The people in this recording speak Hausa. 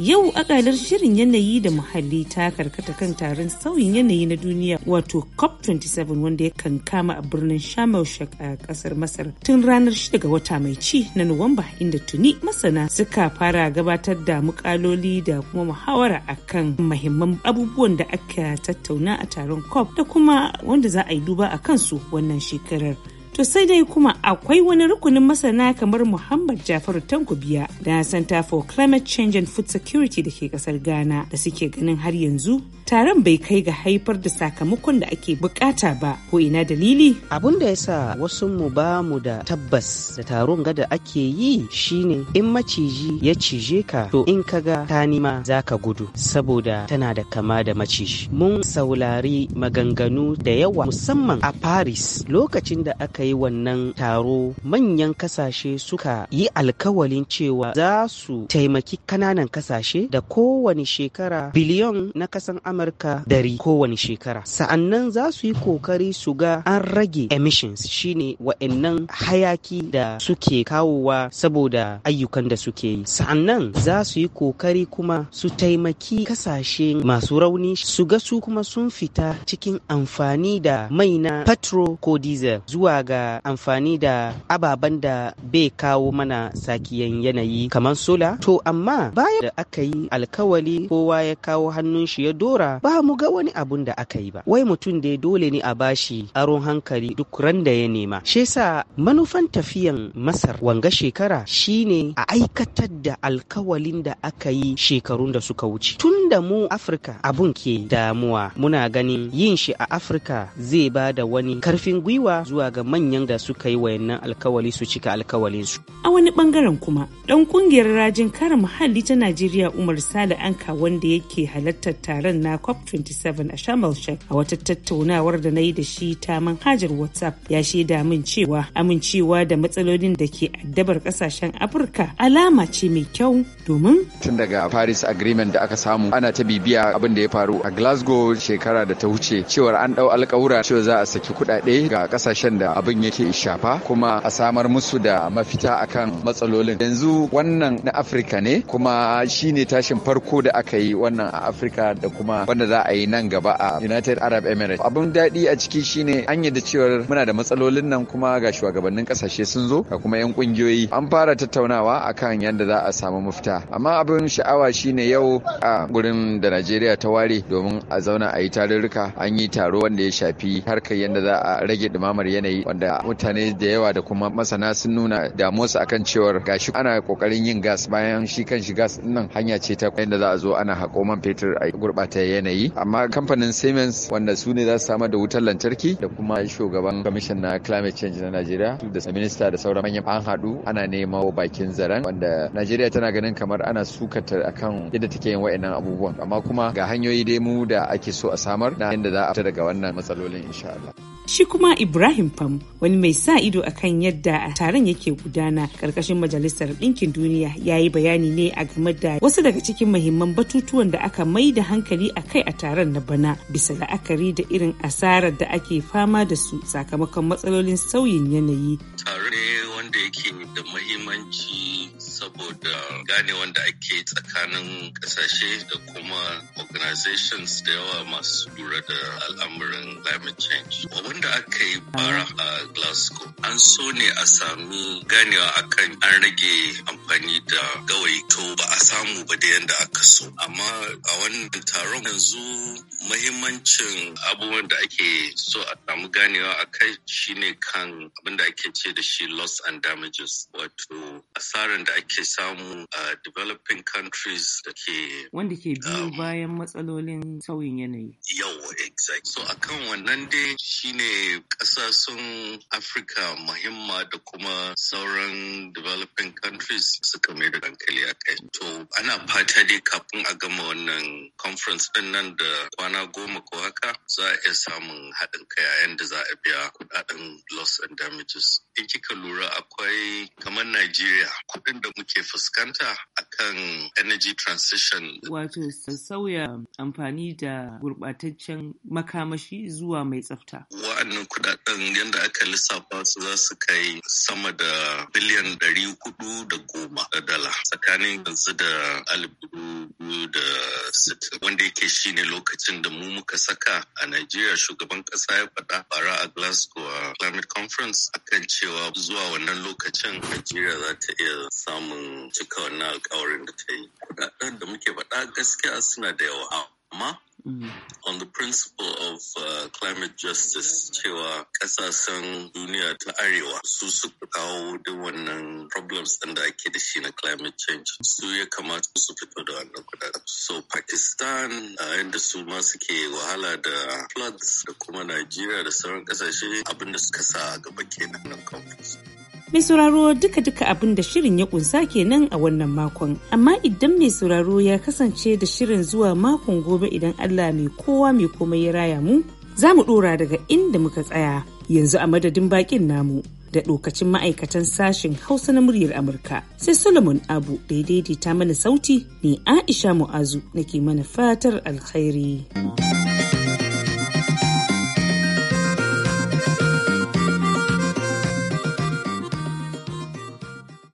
Yau akalar shirin yanayi da muhalli ta karkata kan taron sauyin yanayi na duniya wato COP27 wanda ya kankama a birnin Sharm a kasar Masar tun ranar 6 ga wata mai ci na Nuwamba inda tuni masana suka fara gabatar da mukaloli da kuma muhawara akan mahimman abubuwan da aka tattauna a taron COP da kuma wanda za a yi duba a kansu wannan shekarar. To sai dai kuma akwai wani rukunin masana kamar Muhammad Jafaru Tankubiya da Center for Climate Change and Food Security da ke kasar Ghana da suke ganin har yanzu taron bai kai ga haifar da sakamakon da ake bukata ba ko ina dalili. Abun da yasa wasu mu ba mu da tabbas da taron gada ake yi shine in maciji ya cije ka to in ka ga ta nima za ka gudu saboda tana da kama da maciji. Mun saulari maganganu da yawa musamman a Paris lokacin da aka yi yi wannan taro manyan kasashe suka yi alkawalin cewa za su taimaki kananan kasashe da kowane shekara biliyon na kasan amurka dari kowane shekara sa'annan za su yi kokari su ga an rage emissions shine wa'annan hayaki da suke kawowa saboda ayyukan da suke yi sa'annan za su yi kokari kuma su taimaki kasashe masu rauni su ga su kuma sun fita cikin amfani da mai na petrol ko diesel zuwa ga. ga amfani da ababen da bai kawo mana sakiyan yanayi kamar sola to amma bayan da aka yi alkawali kowa ya kawo hannun shi ya dora ba mu ga wani abun da aka yi ba wai mutum da dole ne a bashi aron hankali duk ran da ya nema shi yasa manufan tafiyan masar wanga shekara shine a aikatar da alkawalin da aka yi shekarun da suka wuce tun da mu afirka abun ke damuwa muna ganin yin shi a afirka zai ba da wani karfin gwiwa zuwa ga manyan da suka yi wayannan alkawali su cika su. A wani bangaren kuma, ɗan kungiyar rajin kare muhalli ta Najeriya Umar Sale Anka wanda yake halartar taron na COP27 a Shamal Sheikh a wata tattaunawar da na yi da shi ta manhajar WhatsApp ya shaida min cewa amincewa da matsalolin da ke addabar ƙasashen Afirka alama ce mai kyau domin. Tun daga Paris Agreement da aka samu ana ta bibiya abin da ya faru a Glasgow shekara da ta wuce cewar an ɗau alkawura cewa za a saki kuɗaɗe ga ƙasashen da abin abin yake shafa kuma a samar musu da mafita akan matsalolin yanzu wannan na afirka ne kuma shine tashin farko da aka yi wannan a afirka da kuma wanda za a yi nan gaba a united arab emirates Abun daɗi a ciki shine an yadda cewar muna da matsalolin nan kuma ga shugabannin kasashe sun zo ga kuma yan kungiyoyi an fara tattaunawa akan yadda za a samu mafita amma abin sha'awa shine yau a gurin da najeriya ta ware domin a zauna a yi tarurruka an yi taro wanda ya shafi harkar yadda za a rage ɗumamar yanayi wanda Da mutane da yawa da kuma masana sun nuna damuwarsu akan cewar gashi ana kokarin yin gas bayan shi kan shi gas nan hanya ce ta yadda za a zo ana haƙo man fetur a gurɓata yanayi amma kamfanin Siemens wanda su ne za su samar da wutar lantarki da kuma shugaban kamishin na climate change na Najeriya da minista da sauran manyan an haɗu ana nema bakin zaren wanda Najeriya tana ganin kamar ana sukata akan yadda take yin wa'annan abubuwan amma kuma ga hanyoyi dai mu da ake so a samar na yadda za a fita daga wannan matsalolin insha Allah. shi kuma Ibrahim pam wani mai sa ido akan yadda taron yake gudana karkashin majalisar ɗinkin duniya ya yi bayani ne a game da wasu daga cikin muhimman batutuwan da aka mai da hankali a kai a taron na bana bisa la'akari da irin asarar da ake fama da su sakamakon matsalolin sauyin yanayi. Tare wanda yake da mahimmanci saboda Ganewa ne wanda ake tsakanin kasashe da kuma organizations da yawa masu lura da al'amuran climate change. Wanda aka yi bara a Glasgow an so ne a sami ganewa akan an rage amfani da gawayi to ba a samu ba da yadda aka so. Amma a wannan taron yanzu mahimmancin abubuwan da ake so a samu ganewa akai shine kan abin da ake ce da shi loss and damages wato asaran da ake samu a a developing countries da ke wanda ke biyo um, bayan matsalolin sauyin yanayi Yau, exact so akan wannan dai shine kasashen afirka mahimma da kuma sauran developing countries suka mai da hankali a kai to ana fata dai kafin a gama wannan conference din nan da kwana goma ko haka za a iya samun haɗin kai a yanda za a biya kuɗaɗen loss and damages in kika lura akwai kamar Najeriya kuɗin da muke fuskanta a akan energy transition. Wato sauya amfani da gurbataccen makamashi zuwa mai tsafta. Wa'annan kudaden yadda aka lissafa su za su kai sama da biliyan ɗari hudu da goma da dala tsakanin yanzu da alibu dubu da wanda yake shine lokacin da mu muka saka a Najeriya shugaban kasa ya faɗa bara a Glasgow a Climate Conference akan cewa zuwa wannan lokacin Najeriya za ta iya samun cika wannan alkawarin da ta yi. Kudaden da muke faɗa gaskiya suna da yawa amma Mm. on the principle of uh, climate justice cewa kasashen duniya ta arewa su suka kawo da wannan problems ɗin da ake da shi na climate change su ya kamata su fito da wannan kudaden so pakistan a yadda su ma suke wahala da floods da kuma nigeria da sauran kasashe abinda suka sa gaba kenan nan conference Mai sauraro duka-duka abin da shirin ya kunsa kenan a wannan makon. Amma idan mai sauraro ya kasance da shirin zuwa makon gobe idan Allah mai kowa mai komai ya raya mu, za mu ɗora daga inda muka tsaya yanzu a madadin bakin namu. Da ɗokacin ma'aikatan sashen Hausa na muryar Amurka, sai Solomon Abu da daidaita mana sauti ne Aisha Mu'azu nake mana fatar alkhairi.